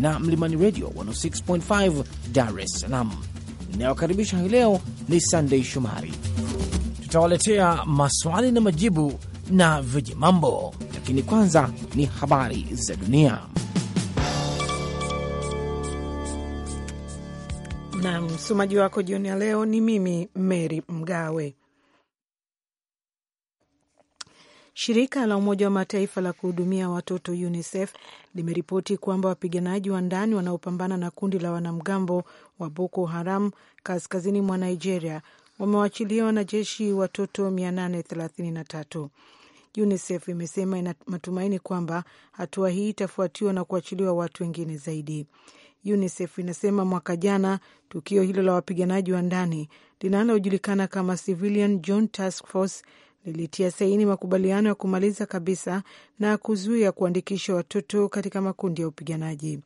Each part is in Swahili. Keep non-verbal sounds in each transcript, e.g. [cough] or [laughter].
na Mlimani Radio 106.5 Dar es Salaam. Inayokaribisha hii leo ni Sandei Shomari. Tutawaletea maswali na majibu na viji mambo, lakini kwanza ni habari za dunia. Na msomaji wako jioni ya leo ni mimi Mary Mgawe. Shirika la Umoja wa Mataifa la kuhudumia watoto UNICEF limeripoti kwamba wapiganaji wa ndani wanaopambana na kundi la wanamgambo wa Boko Haram kaskazini mwa Nigeria wamewachilia wanajeshi watoto 833. UNICEF imesema ina matumaini kwamba hatua hii itafuatiwa na kuachiliwa watu wengine zaidi. UNICEF inasema mwaka jana tukio hilo la wapiganaji wa ndani linalojulikana kama Civilian Joint Task Force lilitia saini makubaliano ya kumaliza kabisa na kuzuia kuandikisha watoto katika makundi ya upiganaji.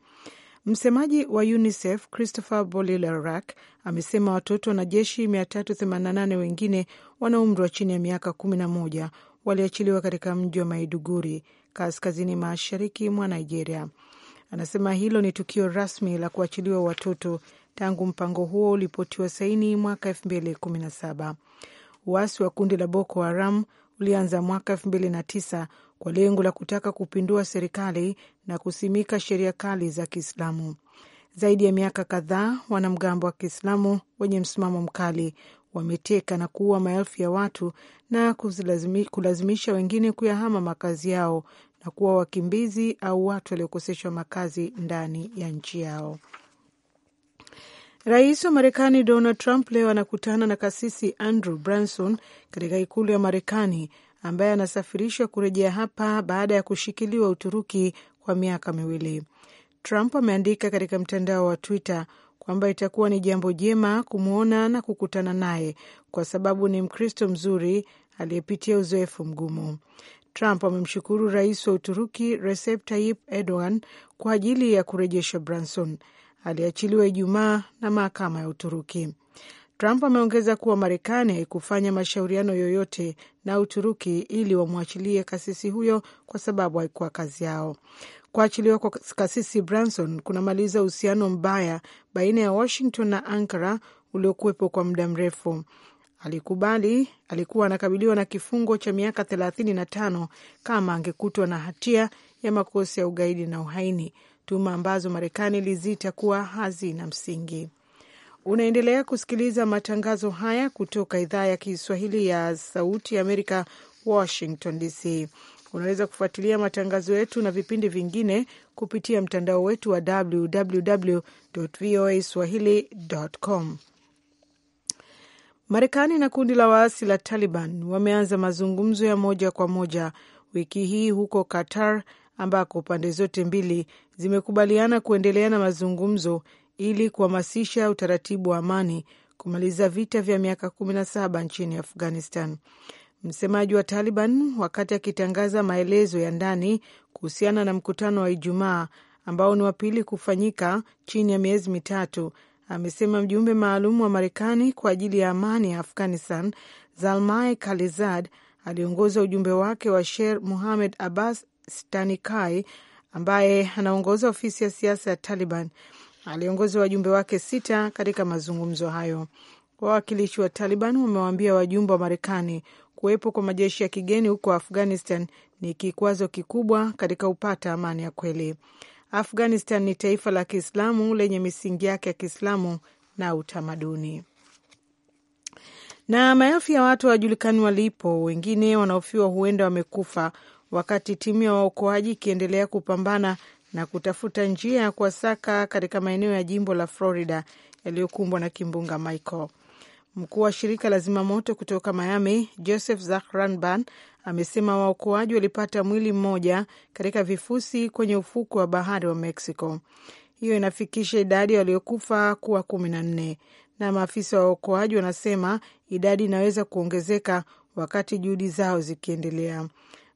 Msemaji wa UNICEF Christopher bolilerak amesema watoto wanajeshi 388 wengine wana umri wa chini ya miaka 11 waliachiliwa katika mji wa Maiduguri, kaskazini mashariki mwa Nigeria. Anasema hilo ni tukio rasmi la kuachiliwa watoto tangu mpango huo ulipotiwa saini mwaka 2017 uasi wa kundi la Boko Haram ulianza mwaka elfu mbili na tisa kwa lengo la kutaka kupindua serikali na kusimika sheria kali za Kiislamu. Zaidi ya miaka kadhaa, wanamgambo wa Kiislamu wenye msimamo mkali wameteka na kuua maelfu ya watu na kulazimisha wengine kuyahama makazi yao na kuwa wakimbizi au watu waliokoseshwa makazi ndani ya nchi yao. Rais wa Marekani Donald Trump leo anakutana na kasisi Andrew Branson katika ikulu ya Marekani, ambaye anasafirishwa kurejea hapa baada ya kushikiliwa Uturuki kwa miaka miwili. Trump ameandika katika mtandao wa Twitter kwamba itakuwa ni jambo jema kumwona na kukutana naye kwa sababu ni Mkristo mzuri aliyepitia uzoefu mgumu. Trump amemshukuru rais wa Uturuki Recep Tayyip Erdogan kwa ajili ya kurejesha Branson aliachiliwa Ijumaa na mahakama ya Uturuki. Trump ameongeza kuwa Marekani haikufanya mashauriano yoyote na Uturuki ili wamwachilie kasisi huyo kwa sababu haikuwa kazi yao. Kuachiliwa kwa kasisi Branson kunamaliza uhusiano mbaya baina ya Washington na Ankara uliokuwepo kwa muda mrefu. Alikubali alikuwa anakabiliwa na kifungo cha miaka thelathini na tano kama angekutwa na hatia ya makosa ya ugaidi na uhaini, tuma ambazo Marekani ilizita kuwa hazina msingi. Unaendelea kusikiliza matangazo haya kutoka idhaa ya Kiswahili ya Sauti ya Amerika, Washington DC. Unaweza kufuatilia matangazo yetu na vipindi vingine kupitia mtandao wetu wa www voa swahili.com. Marekani na kundi la waasi la Taliban wameanza mazungumzo ya moja kwa moja wiki hii huko Qatar ambako pande zote mbili zimekubaliana kuendelea na mazungumzo ili kuhamasisha utaratibu wa amani kumaliza vita vya miaka saba nchini Afghanistan. Msemaji wa Taliban wakati akitangaza maelezo ya ndani kuhusiana na mkutano wa Ijumaa ambao ni wa pili kufanyika chini ya miezi mitatu, amesema mjumbe maalum wa Marekani kwa ajili ya amani ya Afghanistan Zalmai kalizad aliongoza ujumbe wake wa Sher Muhamed Abbas Stanikai ambaye anaongoza ofisi ya siasa ya Taliban aliongoza wajumbe wake sita katika mazungumzo hayo. Wawakilishi wa Taliban wamewaambia wajumbe wa Marekani kuwepo kwa majeshi ya kigeni huko Afghanistan ni kikwazo kikubwa katika upata amani ya kweli. Afghanistan ni taifa la Kiislamu lenye misingi yake ya Kiislamu na utamaduni. Na maelfu ya watu hawajulikani walipo, wengine wanaofiwa huenda wamekufa wakati timu ya waokoaji ikiendelea kupambana na kutafuta njia ya kuwasaka katika maeneo ya jimbo la Florida yaliyokumbwa na kimbunga Michael. Mkuu wa shirika la zimamoto kutoka Miami, Joseph zahranban amesema waokoaji walipata mwili mmoja katika vifusi kwenye ufukwe wa bahari wa Mexico. Hiyo inafikisha idadi waliokufa kuwa kumi na nne, na maafisa wa waokoaji wanasema idadi inaweza kuongezeka wakati juhudi zao zikiendelea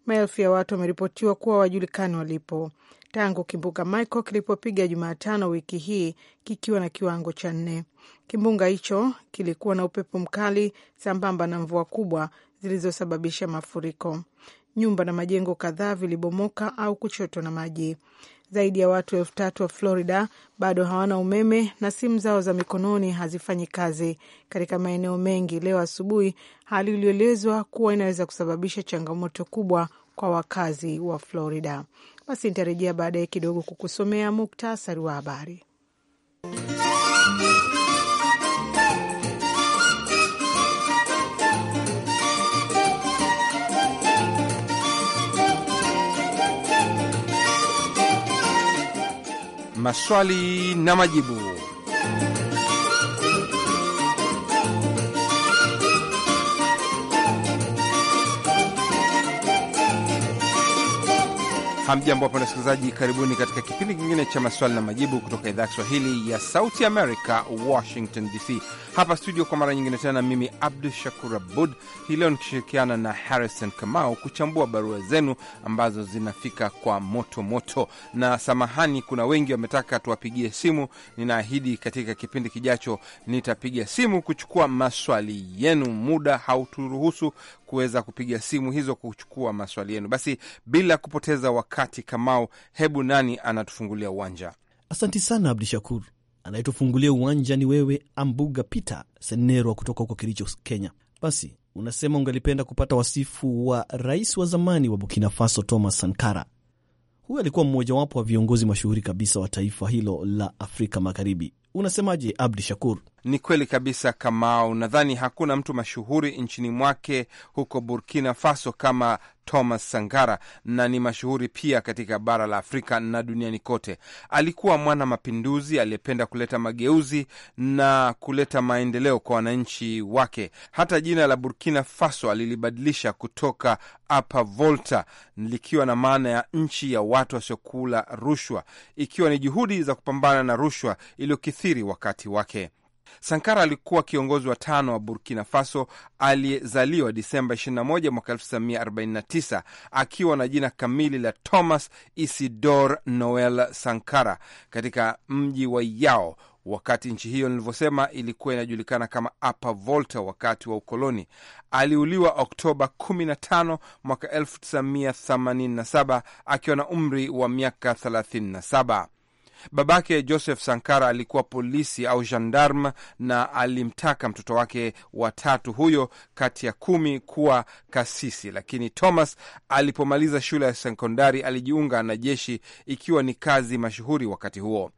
maelfu ya watu wameripotiwa kuwa wajulikani walipo tangu kimbunga Michael kilipopiga Jumatano wiki hii kikiwa na kiwango cha nne. Kimbunga hicho kilikuwa na upepo mkali sambamba na mvua kubwa zilizosababisha mafuriko. Nyumba na majengo kadhaa vilibomoka au kuchotwa na maji. Zaidi ya watu elfu tatu wa Florida bado hawana umeme na simu zao za mikononi hazifanyi kazi katika maeneo mengi leo asubuhi, hali iliyoelezwa kuwa inaweza kusababisha changamoto kubwa kwa wakazi wa Florida. Basi nitarejea baadaye kidogo kukusomea muktasari wa habari. maswali na majibu. Hamjambo wapenda wasikilizaji, karibuni katika kipindi kingine cha maswali na majibu kutoka idhaa ya Kiswahili ya Sauti Amerika, Washington DC. Hapa studio kwa mara nyingine tena, mimi Abdu Shakur Abud, hii leo nikishirikiana na Harrison Kamau kuchambua barua zenu ambazo zinafika kwa moto moto. Na samahani, kuna wengi wametaka tuwapigie simu. Ninaahidi katika kipindi kijacho nitapiga simu kuchukua maswali yenu, muda hauturuhusu kuweza kupiga simu hizo kuchukua maswali yenu. Basi bila kupoteza wakati, Kamau, hebu nani anatufungulia uwanja? Asanti sana Abdi Shakur. Anayetufungulia uwanja ni wewe Ambuga Peter Senerwa kutoka huko Kericho, Kenya. Basi unasema ungelipenda kupata wasifu wa rais wa zamani wa Burkina Faso Thomas Sankara. Huyu alikuwa mmojawapo wa viongozi mashuhuri kabisa wa taifa hilo la Afrika Magharibi. Unasemaje, Abdi Shakur? Ni kweli kabisa, Kamau. Nadhani hakuna mtu mashuhuri nchini mwake huko Burkina Faso kama Thomas sangara na ni mashuhuri pia katika bara la Afrika na duniani kote. Alikuwa mwana mapinduzi aliyependa kuleta mageuzi na kuleta maendeleo kwa wananchi wake. Hata jina la Burkina Faso alilibadilisha kutoka Apa Volta, likiwa na maana ya nchi ya watu wasiokula rushwa, ikiwa ni juhudi za kupambana na rushwa iliyo umekithiri wakati wake. Sankara alikuwa kiongozi wa tano wa Burkina Faso aliyezaliwa Disemba 21 mwaka 1949 akiwa na jina kamili la Thomas Isidor Noel Sankara katika mji wa Yao wakati nchi hiyo nilivyosema ilikuwa inajulikana kama Upper Volta wakati wa ukoloni. Aliuliwa Oktoba 15 mwaka 1987 akiwa na umri wa miaka 37. Babake Joseph Sankara alikuwa polisi au gendarm na alimtaka mtoto wake watatu huyo kati ya kumi kuwa kasisi, lakini Thomas alipomaliza shule ya sekondari alijiunga na jeshi, ikiwa ni kazi mashuhuri wakati huo.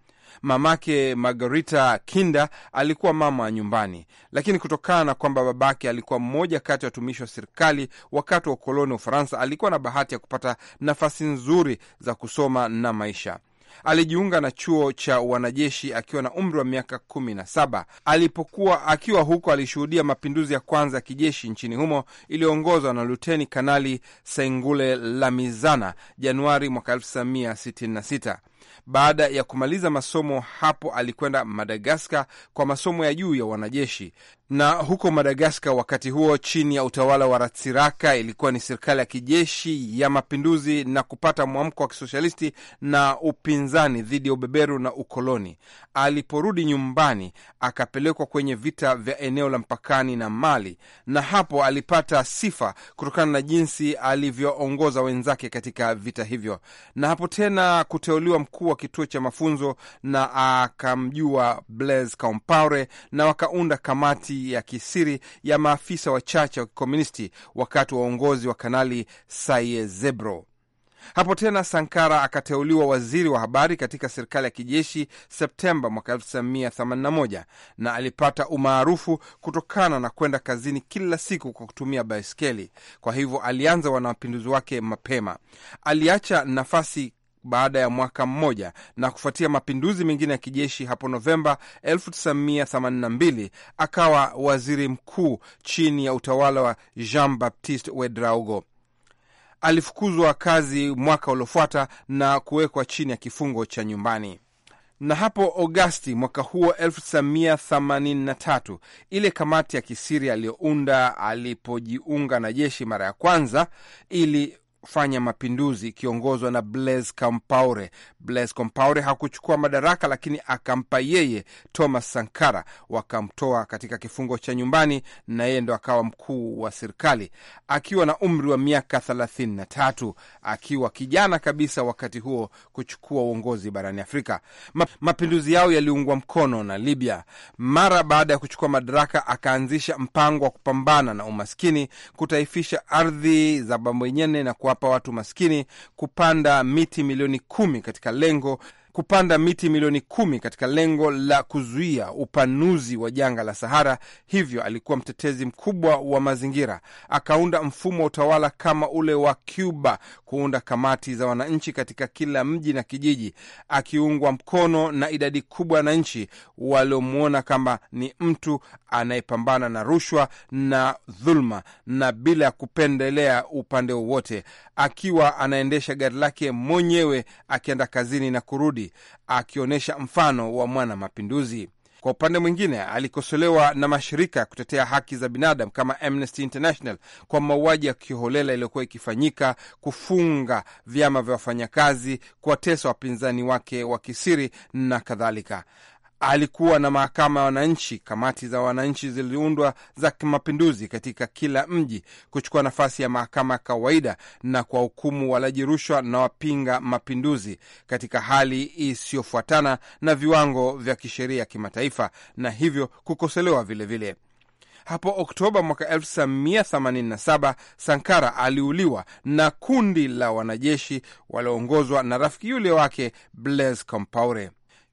Mamake Margarita Kinda alikuwa mama wa nyumbani, lakini kutokana na kwamba babake alikuwa mmoja kati ya watumishi wa serikali wakati wa ukoloni wa Ufaransa, alikuwa na bahati ya kupata nafasi nzuri za kusoma na maisha. Alijiunga na chuo cha wanajeshi akiwa na umri wa miaka kumi na saba. Alipokuwa akiwa huko, alishuhudia mapinduzi ya kwanza ya kijeshi nchini humo iliyoongozwa na Luteni Kanali Sengule Lamizana Januari mwaka 1966. Baada ya kumaliza masomo hapo, alikwenda Madagaskar kwa masomo ya juu ya wanajeshi na huko Madagaskar wakati huo chini ya utawala wa Ratsiraka ilikuwa ni serikali ya kijeshi ya mapinduzi na kupata mwamko wa kisoshalisti na upinzani dhidi ya ubeberu na ukoloni. Aliporudi nyumbani, akapelekwa kwenye vita vya eneo la mpakani na Mali, na hapo alipata sifa kutokana na jinsi alivyoongoza wenzake katika vita hivyo, na hapo tena kuteuliwa mkuu wa kituo cha mafunzo, na akamjua Blaise Compaore na wakaunda kamati ya kisiri ya maafisa wachache wa kikomunisti wakati wa uongozi wa Kanali Sayezebro. Hapo tena Sankara akateuliwa waziri wa habari katika serikali ya kijeshi Septemba mwaka 1981 na alipata umaarufu kutokana na kwenda kazini kila siku kwa kutumia baiskeli. Kwa hivyo alianza wanamapinduzi wake mapema. Aliacha nafasi baada ya mwaka mmoja na kufuatia mapinduzi mengine ya kijeshi hapo Novemba 1982 akawa waziri mkuu chini ya utawala wa Jean Baptiste Wedraogo. Alifukuzwa kazi mwaka uliofuata na kuwekwa chini ya kifungo cha nyumbani na hapo Agosti mwaka huo 1983 ile kamati ya kisiri aliyounda alipojiunga na jeshi mara ya kwanza ili fanya mapinduzi ikiongozwa na Blaise Compaore. Blaise Compaore hakuchukua madaraka, lakini akampa yeye Thomas Sankara, wakamtoa katika kifungo cha nyumbani, na yeye ndo akawa mkuu wa serikali akiwa na umri wa miaka thelathini na tatu, akiwa kijana kabisa wakati huo kuchukua uongozi barani Afrika. Mapinduzi yao yaliungwa mkono na Libya. Mara baada ya kuchukua madaraka, akaanzisha mpango wa kupambana na umaskini, kutaifisha ardhi za Bamwenyene na kwa kuwapa watu maskini kupanda miti milioni kumi katika lengo kupanda miti milioni kumi katika lengo la kuzuia upanuzi wa janga la Sahara. Hivyo alikuwa mtetezi mkubwa wa mazingira, akaunda mfumo wa utawala kama ule wa Cuba, kuunda kamati za wananchi katika kila mji na kijiji, akiungwa mkono na idadi kubwa ya wananchi waliomwona kama ni mtu anayepambana na rushwa na dhuluma na bila ya kupendelea upande wowote, akiwa anaendesha gari lake mwenyewe akienda kazini na kurudi zaidi, akionyesha mfano wa mwana mapinduzi. Kwa upande mwingine, alikosolewa na mashirika ya kutetea haki za binadamu kama Amnesty International kwa mauaji ya kiholela iliyokuwa ikifanyika, kufunga vyama vya wafanyakazi, kuwatesa wapinzani wake wa kisiri na kadhalika alikuwa na mahakama ya wananchi. Kamati za wananchi ziliundwa za kimapinduzi katika kila mji kuchukua nafasi ya mahakama ya kawaida na kwa hukumu walaji rushwa na wapinga mapinduzi katika hali isiyofuatana na viwango vya kisheria kimataifa na hivyo kukosolewa vilevile. Hapo Oktoba mwaka 1987 Sankara aliuliwa na kundi la wanajeshi walioongozwa na rafiki yule wake Blaise Compaore.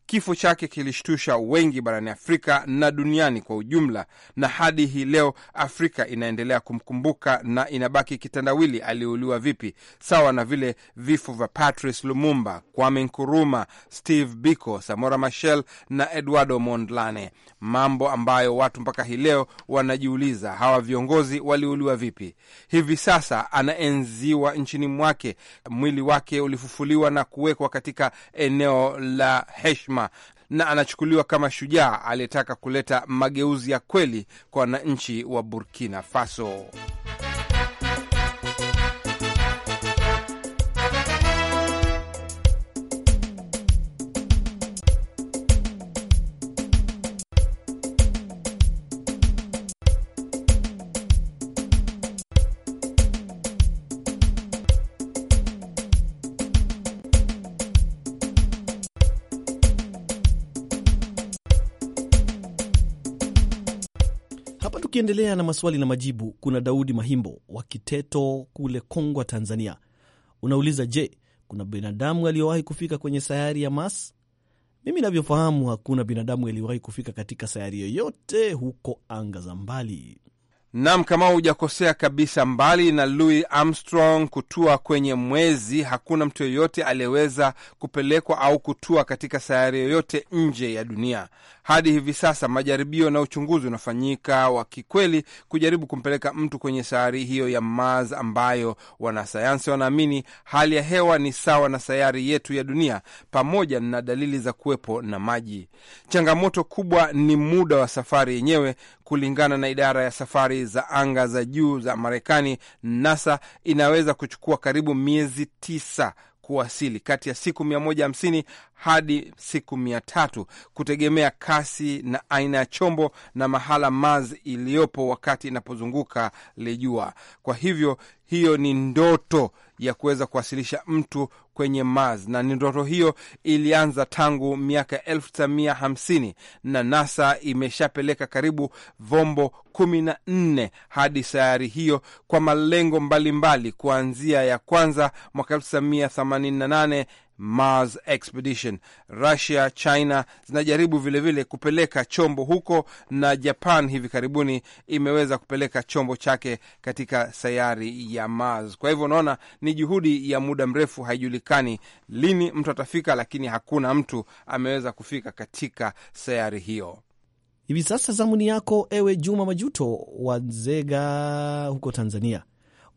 Kifo chake kilishtusha wengi barani Afrika na duniani kwa ujumla, na hadi hii leo Afrika inaendelea kumkumbuka na inabaki kitandawili aliuliwa vipi, sawa na vile vifo vya Patrice Lumumba, Kwame Nkuruma, Steve Biko, Samora Machel na Eduardo Mondlane, mambo ambayo watu mpaka hii leo wanajiuliza hawa viongozi waliuliwa vipi. Hivi sasa anaenziwa nchini mwake, mwili wake ulifufuliwa na kuwekwa katika eneo la heshima mapema na anachukuliwa kama shujaa aliyetaka kuleta mageuzi ya kweli kwa wananchi wa Burkina Faso. Hapa tukiendelea na maswali na majibu, kuna Daudi Mahimbo wa Kiteto kule Kongwa, Tanzania. Unauliza, je, kuna binadamu aliyowahi kufika kwenye sayari ya Mars? Mimi navyofahamu hakuna binadamu aliyowahi kufika katika sayari yoyote huko anga za mbali. Nam, kama hujakosea kabisa. Mbali na Louis Armstrong kutua kwenye mwezi, hakuna mtu yeyote aliyeweza kupelekwa au kutua katika sayari yoyote nje ya dunia. Hadi hivi sasa majaribio na uchunguzi unafanyika wa kikweli kujaribu kumpeleka mtu kwenye sayari hiyo ya Mars, ambayo wanasayansi wanaamini hali ya hewa ni sawa na sayari yetu ya dunia, pamoja na dalili za kuwepo na maji. Changamoto kubwa ni muda wa safari yenyewe. Kulingana na idara ya safari za anga za juu za Marekani, NASA, inaweza kuchukua karibu miezi tisa kuwasili kati ya siku 150 hadi siku 300 kutegemea kasi na aina ya chombo na mahala maz iliyopo wakati inapozunguka lejua. Kwa hivyo hiyo ni ndoto ya kuweza kuwasilisha mtu kwenye Mars, na ni ndoto hiyo ilianza tangu miaka 1950 na NASA imeshapeleka karibu vombo 14 hadi sayari hiyo kwa malengo mbalimbali mbali, kuanzia ya kwanza mwaka 1988 Mars Expedition. Russia, China zinajaribu vilevile vile kupeleka chombo huko, na Japan hivi karibuni imeweza kupeleka chombo chake katika sayari ya Mars. Kwa hivyo unaona, ni juhudi ya muda mrefu, haijulikani lini mtu atafika, lakini hakuna mtu ameweza kufika katika sayari hiyo. Hivi sasa zamuni yako, ewe Juma Majuto wa Nzega huko Tanzania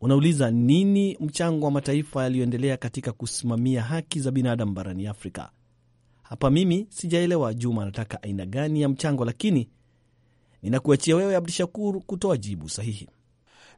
unauliza nini mchango wa mataifa yaliyoendelea katika kusimamia haki za binadamu barani Afrika. Hapa mimi sijaelewa Juma anataka aina gani ya mchango, lakini ninakuachia wewe Abdishakur kutoa jibu sahihi.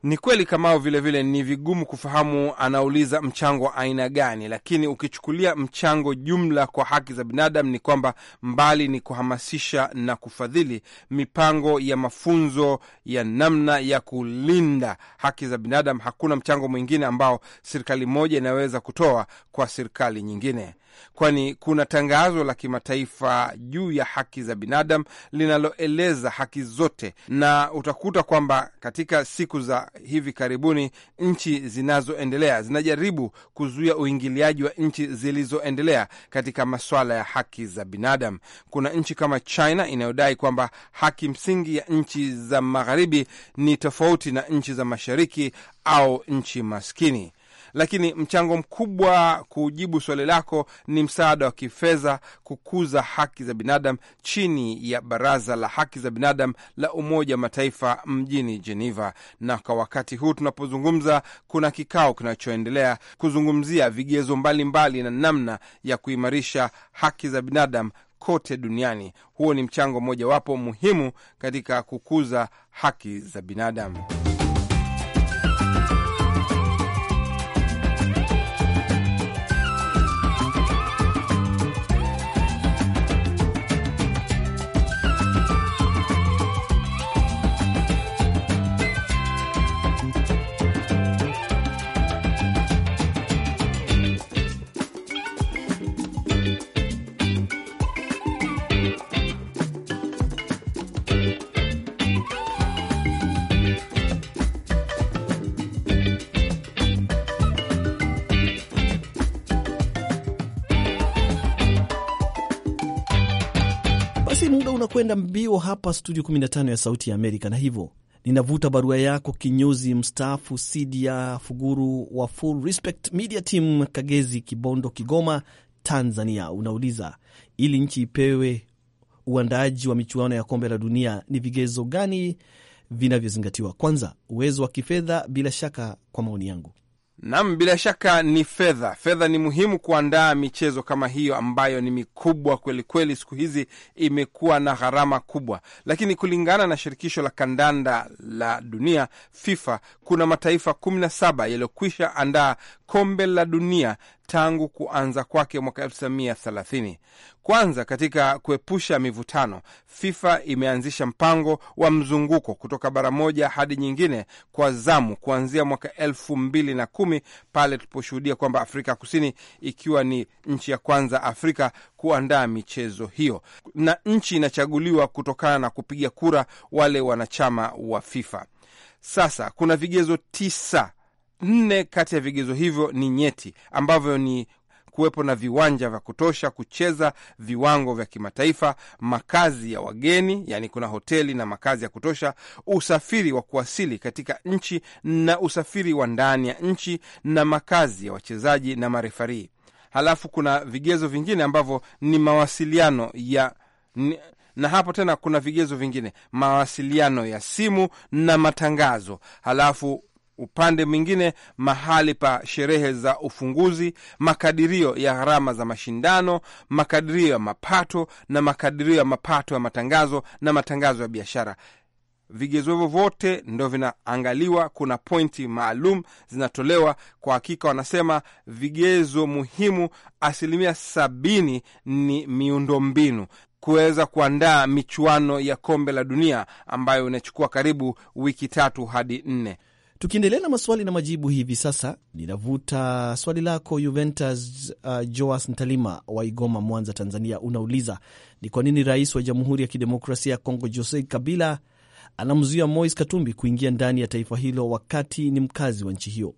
Ni kweli Kamao, vilevile ni vigumu kufahamu anauliza mchango wa aina gani, lakini ukichukulia mchango jumla kwa haki za binadamu ni kwamba mbali ni kuhamasisha na kufadhili mipango ya mafunzo ya namna ya kulinda haki za binadamu, hakuna mchango mwingine ambao serikali moja inaweza kutoa kwa serikali nyingine, kwani kuna tangazo la kimataifa juu ya haki za binadamu linaloeleza haki zote, na utakuta kwamba katika siku za hivi karibuni, nchi zinazoendelea zinajaribu kuzuia uingiliaji wa nchi zilizoendelea katika masuala ya haki za binadamu. Kuna nchi kama China inayodai kwamba haki msingi ya nchi za magharibi ni tofauti na nchi za mashariki au nchi maskini lakini mchango mkubwa, kujibu swali lako, ni msaada wa kifedha kukuza haki za binadamu chini ya Baraza la Haki za Binadamu la Umoja wa Mataifa mjini Geneva. Na kwa wakati huu tunapozungumza, kuna kikao kinachoendelea kuzungumzia vigezo mbalimbali mbali na namna ya kuimarisha haki za binadamu kote duniani. Huo ni mchango mmojawapo muhimu katika kukuza haki za binadamu. unakwenda mbio hapa studio 15 ya Sauti ya Amerika, na hivyo ninavuta barua yako kinyozi mstaafu Sidia Fuguru wa Full Respect Media Team, Kagezi, Kibondo, Kigoma, Tanzania. Unauliza, ili nchi ipewe uandaaji wa michuano ya kombe la dunia ni vigezo gani vinavyozingatiwa? Kwanza, uwezo wa kifedha bila shaka, kwa maoni yangu Nam, bila shaka ni fedha. Fedha ni muhimu kuandaa michezo kama hiyo ambayo ni mikubwa kwelikweli kweli. Siku hizi imekuwa na gharama kubwa, lakini kulingana na shirikisho la kandanda la dunia FIFA, kuna mataifa saba yaliyokwisha andaa kombe la dunia tangu kuanza kwake mwaka 1930. Kwanza, katika kuepusha mivutano, FIFA imeanzisha mpango wa mzunguko kutoka bara moja hadi nyingine kwa zamu kuanzia mwaka elfu mbili na kumi pale tuliposhuhudia kwamba Afrika Kusini ikiwa ni nchi ya kwanza Afrika kuandaa michezo hiyo, na nchi inachaguliwa kutokana na kupiga kura wale wanachama wa FIFA. Sasa kuna vigezo tisa Nne kati ya vigezo hivyo ni nyeti, ambavyo ni kuwepo na viwanja vya kutosha kucheza viwango vya kimataifa, makazi ya wageni, yani kuna hoteli na makazi ya kutosha, usafiri wa kuwasili katika nchi na usafiri wa ndani ya nchi, na makazi ya wachezaji na marefarii. Halafu kuna vigezo vingine ambavyo ni mawasiliano ya na hapo tena kuna vigezo vingine, mawasiliano ya simu na matangazo. Halafu upande mwingine, mahali pa sherehe za ufunguzi, makadirio ya gharama za mashindano, makadirio ya mapato na makadirio ya mapato ya matangazo na matangazo ya biashara. Vigezo hivyo vyote ndo vinaangaliwa. Kuna pointi maalum zinatolewa. Kwa hakika, wanasema vigezo muhimu, asilimia sabini ni miundombinu kuweza kuandaa michuano ya kombe la dunia ambayo inachukua karibu wiki tatu hadi nne. Tukiendelea na maswali na majibu hivi sasa, ninavuta swali lako Juventus uh, Joas Ntalima wa Igoma, Mwanza, Tanzania. Unauliza ni kwa nini rais wa Jamhuri ya Kidemokrasia ya Kongo Jose Kabila anamzuia mois Katumbi kuingia ndani ya taifa hilo wakati ni mkazi wa nchi hiyo.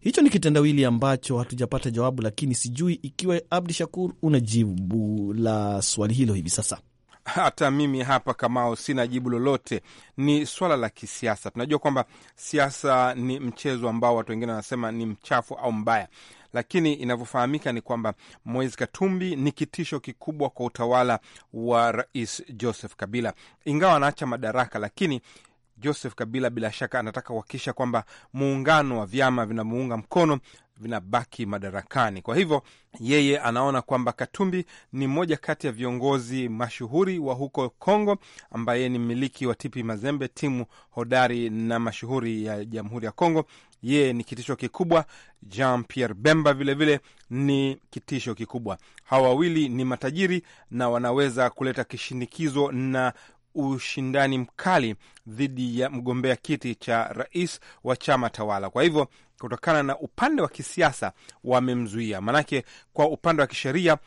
Hicho ni kitendawili ambacho hatujapata jawabu, lakini sijui ikiwa Abdi Shakur unajibu la swali hilo hivi sasa. Hata mimi hapa Kamao sina jibu lolote, ni swala la kisiasa. Tunajua kwamba siasa ni mchezo ambao watu wengine wanasema ni mchafu au mbaya, lakini inavyofahamika ni kwamba Moise Katumbi ni kitisho kikubwa kwa utawala wa Rais Joseph Kabila, ingawa anaacha madaraka, lakini Joseph Kabila bila shaka anataka kuhakikisha kwamba muungano wa vyama vinavyounga mkono vinabaki madarakani. Kwa hivyo yeye anaona kwamba Katumbi ni mmoja kati ya viongozi mashuhuri wa huko Kongo, ambaye ni mmiliki wa Tipi Mazembe, timu hodari na mashuhuri ya Jamhuri ya Kongo. Yeye ni kitisho kikubwa. Jean Pierre Bemba vilevile vile ni kitisho kikubwa. Hawa wawili ni matajiri na wanaweza kuleta kishinikizo na ushindani mkali dhidi ya mgombea kiti cha rais wa chama tawala. Kwa hivyo kutokana na upande wa kisiasa wamemzuia, maanake kwa upande wa kisheria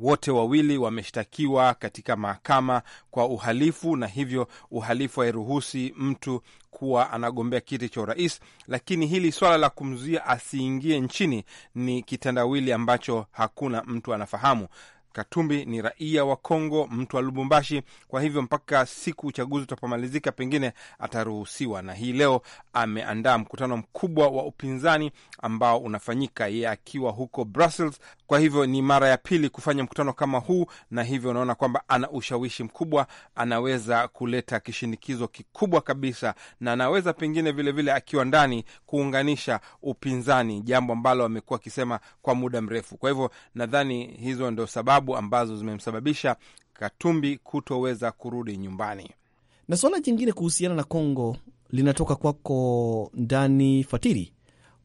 wote wawili wameshtakiwa katika mahakama kwa uhalifu, na hivyo uhalifu hairuhusi mtu kuwa anagombea kiti cha urais. Lakini hili swala la kumzuia asiingie nchini ni kitandawili ambacho hakuna mtu anafahamu. Katumbi ni raia wa Kongo, mtu wa Lubumbashi. Kwa hivyo mpaka siku uchaguzi utapomalizika, pengine ataruhusiwa. Na hii leo ameandaa mkutano mkubwa wa upinzani ambao unafanyika yeye akiwa huko Brussels. Kwa hivyo ni mara ya pili kufanya mkutano kama huu, na hivyo unaona kwamba ana ushawishi mkubwa, anaweza kuleta kishinikizo kikubwa kabisa, na anaweza pengine vilevile vile akiwa ndani kuunganisha upinzani, jambo ambalo amekuwa akisema kwa muda mrefu. Kwa hivyo nadhani hizo ndio sababu sababu ambazo zimemsababisha Katumbi kutoweza kurudi nyumbani. Na suala jingine kuhusiana na Kongo linatoka kwako Ndani Fatiri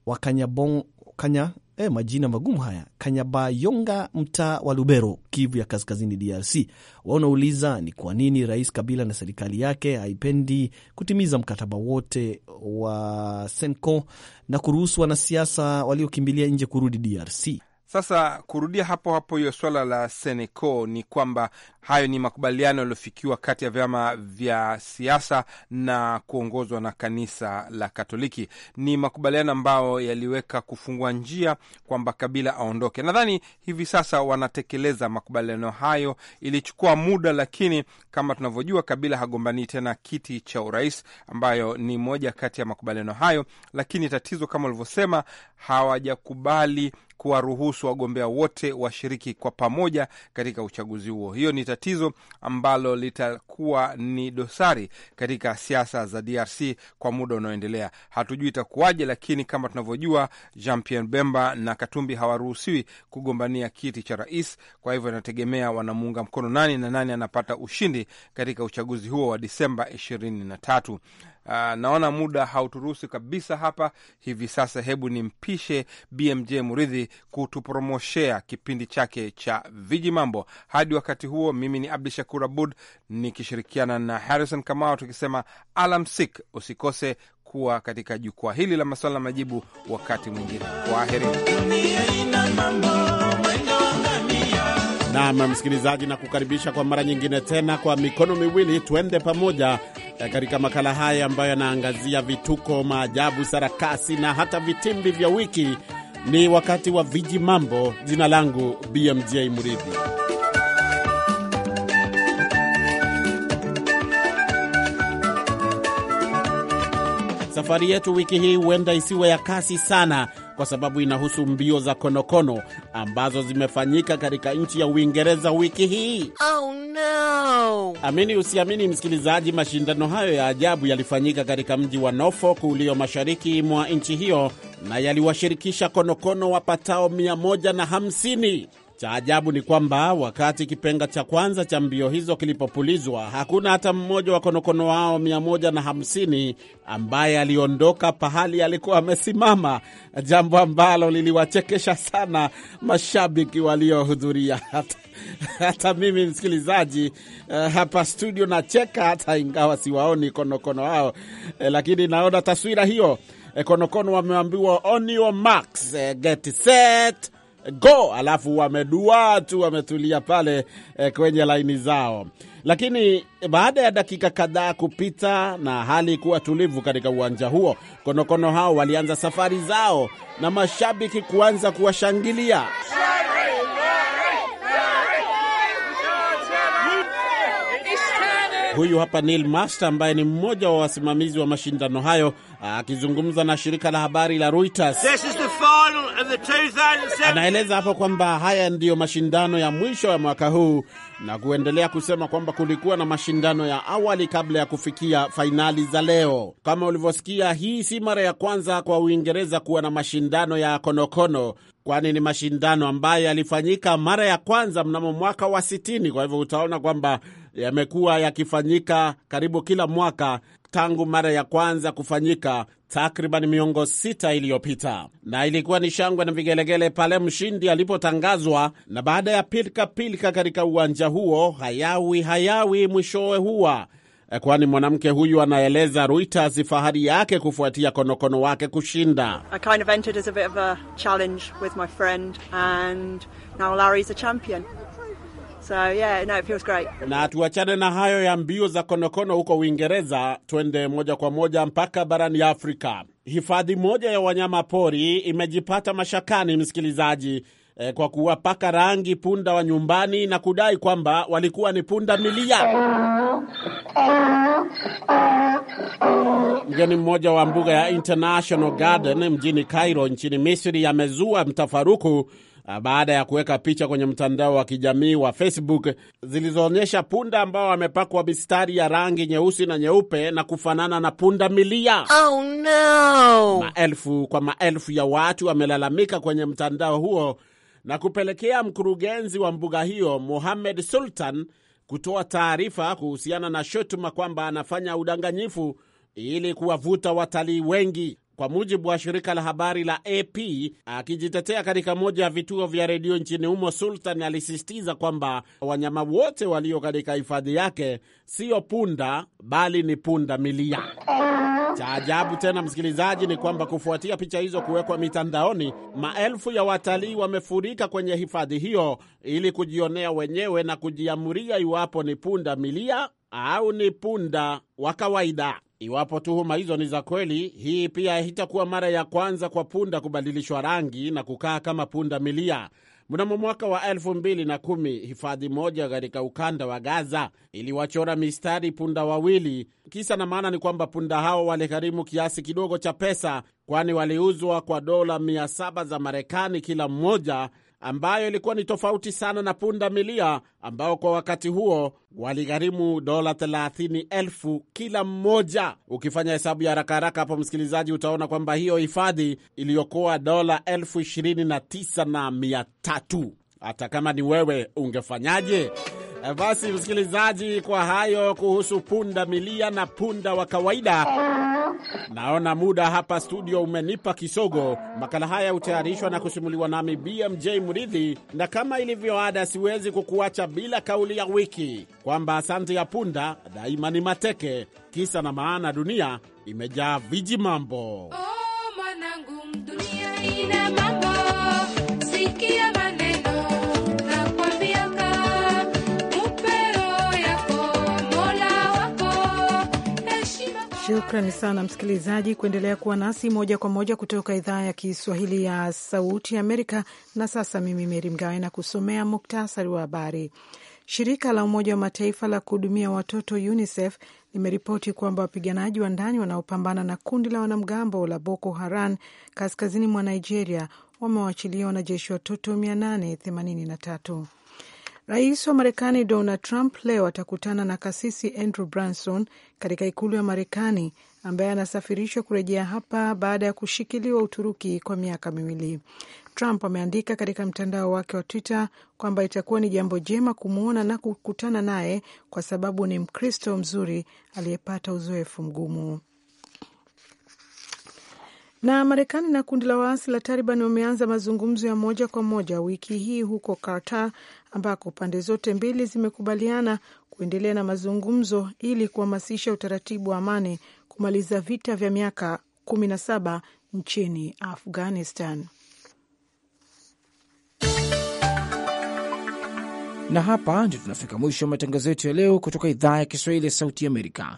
wa Kanyabong, Kanya, eh, majina magumu haya, Kanyabayonga, mtaa wa Lubero, Kivu ya Kaskazini, DRC. waunauliza ni kwa nini Rais Kabila na serikali yake haipendi kutimiza mkataba wote wa senco na kuruhusu wanasiasa waliokimbilia nje kurudi DRC. Sasa kurudia hapo hapo hiyo swala la Seneco ni kwamba hayo ni makubaliano yaliyofikiwa kati ya vyama vya siasa na kuongozwa na kanisa la Katoliki. Ni makubaliano ambayo yaliweka kufungua njia kwamba Kabila aondoke. Nadhani hivi sasa wanatekeleza makubaliano hayo. Ilichukua muda, lakini kama tunavyojua, Kabila hagombanii tena kiti cha urais, ambayo ni moja kati ya makubaliano hayo. Lakini tatizo kama ulivyosema, hawajakubali kuwaruhusu wagombea wote washiriki kwa pamoja katika uchaguzi huo. Hiyo ni tatizo ambalo litakuwa ni dosari katika siasa za DRC kwa muda unaoendelea. Hatujui itakuwaje, lakini kama tunavyojua, Jean Pierre Bemba na Katumbi hawaruhusiwi kugombania kiti cha rais. Kwa hivyo inategemea wanamuunga mkono nani na nani anapata ushindi katika uchaguzi huo wa Disemba ishirini na tatu Ah, naona muda hauturuhusi kabisa hapa hivi sasa. Hebu nimpishe BMJ Muridhi kutupromoshea kipindi chake cha viji mambo. Hadi wakati huo, mimi ni Abdu Shakur Abud nikishirikiana na Harrison kama tukisema alamsik. Usikose kuwa katika jukwaa hili la maswala na majibu wakati mwingine. Kwaheri. Nam msikilizaji, na kukaribisha kwa mara nyingine tena kwa mikono miwili tuende pamoja Eh, katika makala haya ambayo yanaangazia vituko, maajabu, sarakasi na hata vitimbi vya wiki. Ni wakati wa viji mambo. Jina langu BMJ Mridhi. Safari yetu wiki hii huenda isiwe ya kasi sana, kwa sababu inahusu mbio za konokono ambazo zimefanyika katika nchi ya Uingereza wiki hii. Oh, no. Amini usiamini, msikilizaji, mashindano hayo ya ajabu yalifanyika katika mji wa Norfolk ulio mashariki mwa nchi hiyo na yaliwashirikisha konokono wapatao 150. Cha ajabu ni kwamba wakati kipenga cha kwanza cha mbio hizo kilipopulizwa, hakuna hata mmoja wa konokono wao 150 ambaye aliondoka pahali alikuwa amesimama, jambo ambalo liliwachekesha sana mashabiki waliohudhuria. [laughs] Hata, hata mimi msikilizaji, uh, hapa studio nacheka hata ingawa siwaoni konokono wao eh, lakini naona taswira hiyo eh, konokono wameambiwa on your marks, eh, get set go, alafu wamedua tu wametulia pale eh, kwenye laini zao. Lakini baada ya dakika kadhaa kupita na hali kuwa tulivu katika uwanja huo, konokono hao walianza safari zao na mashabiki kuanza kuwashangilia. Huyu hapa Neil Master ambaye ni mmoja wa wasimamizi wa mashindano hayo akizungumza na shirika la habari la Reuters. Anaeleza hapo kwamba haya ndiyo mashindano ya mwisho ya mwaka huu na kuendelea kusema kwamba kulikuwa na mashindano ya awali kabla ya kufikia fainali za leo. Kama ulivyosikia, hii si mara ya kwanza kwa Uingereza kuwa na mashindano ya konokono, kwani ni mashindano ambayo yalifanyika mara ya kwanza mnamo mwaka wa 6 Kwa hivyo utaona kwamba yamekuwa yakifanyika karibu kila mwaka tangu mara ya kwanza kufanyika takriban miongo sita iliyopita, na ilikuwa ni shangwe na vigelegele pale mshindi alipotangazwa. Na baada ya pilkapilka katika uwanja huo, hayawi hayawi mwishowe huwa eh, kwani mwanamke huyu anaeleza Reuters fahari yake kufuatia konokono wake kushinda. kind of So, yeah, no, it feels great. Na tuachane na hayo ya mbio za konokono huko Uingereza, twende moja kwa moja mpaka barani Afrika. Hifadhi moja ya wanyama pori imejipata mashakani, msikilizaji, eh, kwa kuwapaka rangi punda wa nyumbani na kudai kwamba walikuwa ni punda milia. Mgeni mmoja wa mbuga ya International Garden mjini Cairo nchini Misri amezua mtafaruku Ah, baada ya kuweka picha kwenye mtandao wa kijamii wa Facebook zilizoonyesha punda ambao wamepakwa mistari ya rangi nyeusi na nyeupe na kufanana na punda milia. Oh, no. Maelfu kwa maelfu ya watu wamelalamika kwenye mtandao huo na kupelekea mkurugenzi wa mbuga hiyo Mohamed Sultan kutoa taarifa kuhusiana na shutuma kwamba anafanya udanganyifu ili kuwavuta watalii wengi kwa mujibu wa shirika la habari la AP. Akijitetea katika moja ya vituo vya redio nchini humo, Sultan alisisitiza kwamba wanyama wote walio katika hifadhi yake siyo punda, bali ni punda milia. Cha ajabu tena, msikilizaji, ni kwamba kufuatia picha hizo kuwekwa mitandaoni, maelfu ya watalii wamefurika kwenye hifadhi hiyo ili kujionea wenyewe na kujiamuria iwapo ni punda milia au ni punda wa kawaida. Iwapo tuhuma hizo ni za kweli, hii pia itakuwa mara ya kwanza kwa punda kubadilishwa rangi na kukaa kama punda milia. Mnamo mwaka wa 21 hifadhi moja katika ukanda wa Gaza iliwachora mistari punda wawili. Kisa na maana ni kwamba punda hao waligharimu kiasi kidogo cha pesa, kwani waliuzwa kwa dola 7 za Marekani kila mmoja, ambayo ilikuwa ni tofauti sana na punda milia ambao kwa wakati huo waligharimu dola thelathini kila mmoja. Ukifanya hesabu ya haraka haraka hapo, msikilizaji, utaona kwamba hiyo hifadhi iliyokuwa dola elfu Hata kama ni wewe, ungefanyaje? Eh, basi msikilizaji, kwa hayo kuhusu punda milia na punda wa kawaida, naona muda hapa studio umenipa kisogo. Makala haya hutayarishwa na kusimuliwa nami BMJ Muridhi, na kama ilivyo ada, siwezi kukuacha bila kauli ya wiki kwamba asante ya punda daima ni mateke. Kisa na maana, dunia imejaa viji mambo. Oh, mwanangu, dunia ina mambo. Sikia Shukrani sana msikilizaji kuendelea kuwa nasi moja kwa moja kutoka idhaa ya Kiswahili ya Sauti Amerika. Na sasa mimi Meri Mgawe na kusomea muktasari wa habari. Shirika la Umoja wa Mataifa la kuhudumia watoto UNICEF limeripoti kwamba wapiganaji wa ndani wanaopambana na kundi la wanamgambo la Boko Haram kaskazini mwa Nigeria wamewachilia wanajeshi watoto tatu Rais wa Marekani Donald Trump leo atakutana na kasisi Andrew Branson katika ikulu ya Marekani, ambaye anasafirishwa kurejea hapa baada ya kushikiliwa Uturuki kwa miaka miwili. Trump ameandika katika mtandao wake wa Twitter kwamba itakuwa ni jambo jema kumwona na kukutana naye kwa sababu ni Mkristo mzuri aliyepata uzoefu mgumu. Na Marekani na kundi la waasi la Taliban wameanza mazungumzo ya moja kwa moja wiki hii huko Qatar, ambako pande zote mbili zimekubaliana kuendelea na mazungumzo ili kuhamasisha utaratibu wa amani kumaliza vita vya miaka 17 nchini Afghanistan. Na hapa ndio tunafika mwisho wa matangazo yetu ya leo kutoka idhaa ya Kiswahili ya Sauti Amerika.